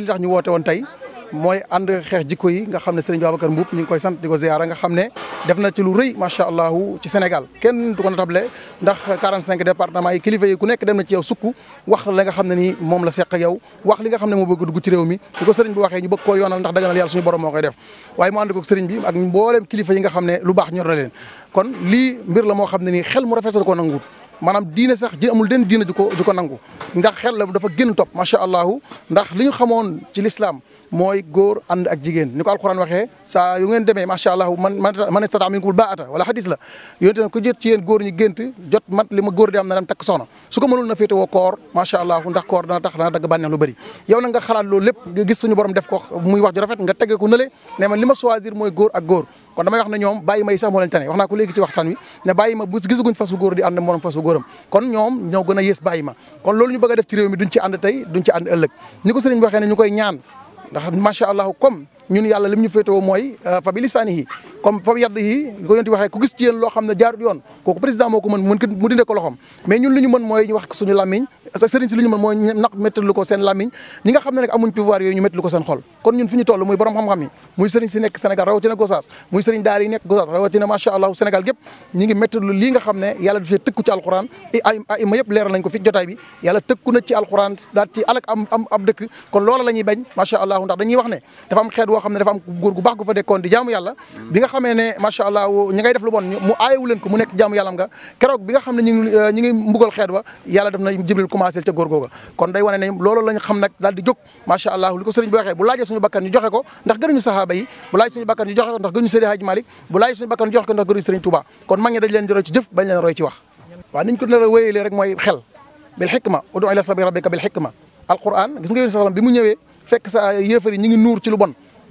li tax ñu woote woon tey mooy ànd xeex jikko yi nga xam ne Serigne Babacar Mboup ñu ngi koy sant di ko ziara nga xam ne def na ci lu rëy macha allah ci Sénégal kenn du ko le ndax 45 département yi kilifa yi ku nekk dem na ci yow sukk wax la nga xam ne nii moom la seq ak yow wax li nga xam ne moo bëgg dugg ci réew mi di ko sëriñ bi waxee ñu bëgg koo yoonal ndax daganal yàlla suñu borom moo koy def waaye mu ànd ko sëriñ bi ak mboolem kilifa yi nga ne lu baax ñor na leen kon lii mbir la moo xam ne nii xel mu rafet ko nanguwut maanaam diine sax ji amul den diine di ko di ko nangu ndax xel la dafa gën topp macha allah ndax li ñu xamoon ci lislaam mooy góor ànd ak jigéen ni ko alquran waxee sa yu ngeen demee macha allah man man istataa minkum baata wala xadis la yonte ne ku jot ci yéen góor ñu gént jot mat li ma góor di am na dem takk soxna su ko mënul na féete woo koor macha allah ndax koor dana tax dana dagg bànneex lu bëri yow na nga xalaat loolu lépp nga gis suñu borom def ko muy wax ju rafet nga tege ko nële ne man li ma choisir mooy góor ak góor kon damay wax ne ñoom bàyyi ma yi sax moo leen tane wax naa ko léegi ci waxtaan wi ne bàyyi ma bu fas bu góor di ànd morom fas bu góoram kon ñoom ñoo gën a yées bàyyi ma kon loolu ñu bëgg a def ci réew mi duñ ci ànd tey duñ ci ànd ëllëg ñi ko sëriñ bi waxee ne ñu koy ñaan ndax macha allah ñun yàlla lim ñu féetewoo mooy euh, fa bi lisaani yi comme fa yadd yi ko gis ci yéen loo xam ne jaarut yoon kooku président moo ko mën mën mu dinde ko loxom mais ñun li ñu mën mooy ñu wax suñu làmmiñ parce que sëriñ si lu ñu mën mooy naq méttalu ko seen lamiñ ñi nga xam ne nag amuñ pouvoir yooyu ñu méttalu ko seen xol kon ñun fi ñu toll muy borom xam-xam yi muy sëriñ si nekk Sénégal rawatina Gossas muy sëriñ daara yi nekk Gossas rawatina macha allah Sénégal gépp ñi ngi méttalu lii nga xam ne yàlla tëkku ci ma yëpp leeral nañ ko fi jotaay bi ci alxuraan daal ci alak am dëkk kon loola la ñuy bañ macha allah ndax dañuy wax ne dafa am xeet xam ne dafa am gu baax gu fa dekkoon commencé ca góor googa kon day wane ne loolu lañ xam nag daal di jóg macha allah li ko sëriñ bi waxee bu laajee suñu bakkan ñu joxe ko ndax gënuñu sahaaba yi bu laajee suñu bakkan ñu joxe ko ndax gënuñu Sëriñ Haaji Malick bu laajee suñu bakkan ñu joxe ko ndax gënuñu Sëriñ Tuubaa kon mag dañ leen di roy ci jëf bañ leen roy ci wax waaw niñ ko nar a wéyalee rek mooy xel bil hikma udu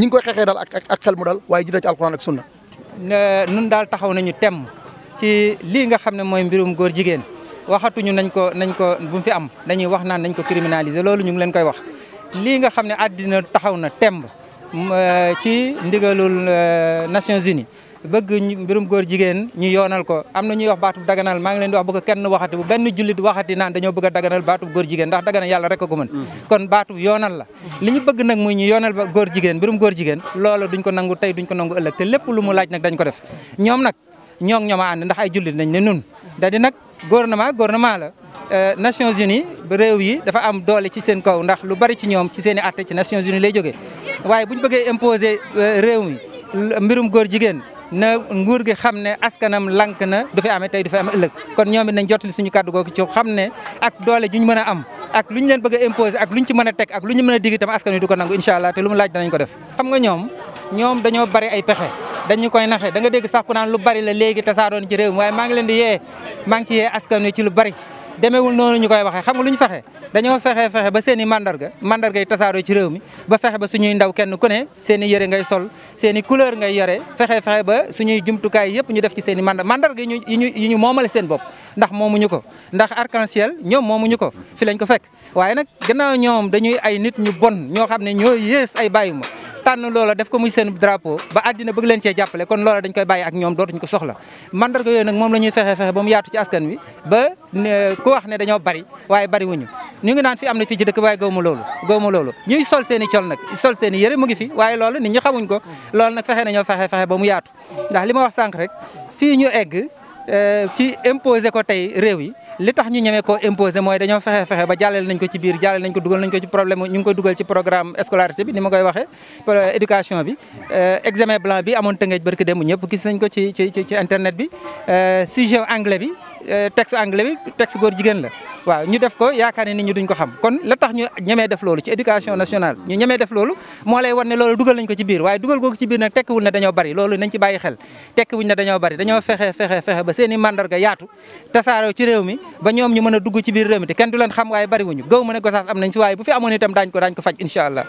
ñi ngi koy xeexee daal ak ak xel mu daal waaye ji na ci alxuraan ak sunna. nun daal taxaw nañu temm ci lii nga xam ne mooy mbirum góor jigéen waxatuñu nañ ko nañ ko bu fi am dañuy wax naan nañ ko criminaliser loolu ñu ngi leen koy wax. lii nga xam ne àddina taxaw na temb ci ndigalul euh, Nations uni bëgg mbirum góor jigéen ñu yoonal ko am na ñuy wax baatub daganal maa ngi leen di wax bu kenn waxati bu benn jullit waxati naan dañoo bëgg a daganal baatub góor jigéen ndax daganal yàlla rek ko mën mm. kon baatub yoonal la li ñu bëgg nag muy ñu yoonal ba góor jigéen mbirum góor jigéen loolu duñ ko nangu tey duñ ko nangu ëllëg te lépp lu mu laaj nag dañ ko def ñoom nag ñoo ñoom a ànd ndax ay jullit nañ ne nun da di nag gouvernement gouvernement la euh, Nations Unies réew yi dafa am doole ci seen kaw ndax lu bari ci ñoom ci seen i ci Nations Unies lay jógee waaye buñ bëggee imposer euh, réew mi mbirum góor jigéen na nguur gi xam ne askanam lank na du fi amee tey du fi am ëllëg kon ñoom it nañ jottali suñu kàddu googu ci xam ne ak doole juñ mën a am ak lu ñu leen bëgg a ak lu ñu ci mën a teg ak lu ñu mën a dig itam askan wi du ko nangu incha allah te lu mu laaj danañ ko def xam nga ñoom ñoom dañoo bari ay pexe dañu koy naxe da nga dégg sax ku naan lu bari la léegi tasaaroon ci réew waaye maa ngi leen di yee maa ngi ci yee askan wi ci lu bari demeewul noonu ñu koy waxee xam nga lu ñu fexe dañoo fexe fexe ba seeni i mandarga mandarga yi ci réew mi ba fexe ba su ñuy ndaw kenn ku ne seen i yëre ngay sol seeni couleur ngay yore fexe fexe ba suñuy jumtukaay yëpp ñu def ci seen i mandar mandarga yi ñu ñu yi ñu moomale seen bopp ndax moomuñu ko ndax arc-en-ciel ñoom moomuñu ko fi lañ ko fekk waaye nag gannaaw ñoom dañuy ay nit ñu bon ñoo xam ne ñoo yées ay bàyyi ma tànn loola def ko muy seen drapeau ba àddina bëgg leen cee jàppale kon loola dañ koy bàyyi ak ñoom dootuñ ko soxla mandarga yooyu nag moom la fexe fexe ba mu yaatu ci askan wi ba ku wax ne dañoo bari waaye bari wuñu ñu ngi naan fi am na fii ci dëkk waaye gaw loolu gaw loolu ñuy sol seen i col nag sol seen i yëre mu ngi fi waaye loolu nit ñi xamuñ ko loolu nag fexe nañoo fexe fexe ba mu yaatu ndax li ma wax sànq rek fii ñu egg Euh, ci impose ko tey réew yi li tax ñu ñemee ko imposer mooy dañoo fexe fexe ba jàllale nañ ko ci biir jàllale nañ ko dugal nañ ko ci problème ñu ngi ko dugal ci programme scolarité bi ni ma koy waxee euh, éducation bi euh, examen blanc bi amoon tëngeej barki démb ñëpp gis nañ ko ci ci ci internet bi sujet anglais bi texte anglais bi texte góor jigéen la waaw ñu def ko yaakaar ne nit ñi duñ ko xam kon la tax ñu ñeme def loolu ci éducation nationale ñu ñemee def loolu moo lay wan ne loolu dugal nañ ko ci biir waaye dugal googu ci biir nag tekkiwul ne dañoo bari loolu nañ ci bàyyi xel tekkiwuñ ne dañoo bari dañoo fexe fexe ba seen i mandarga yaatu tasaaroo ci réew mi ba ñoom ñu mën a dugg ci biir réew mi te kenn du leen xam waaye bari wuñu gëw a gosaas am nañ si waaye bu fi amoon itam daañ ko daañ ko faj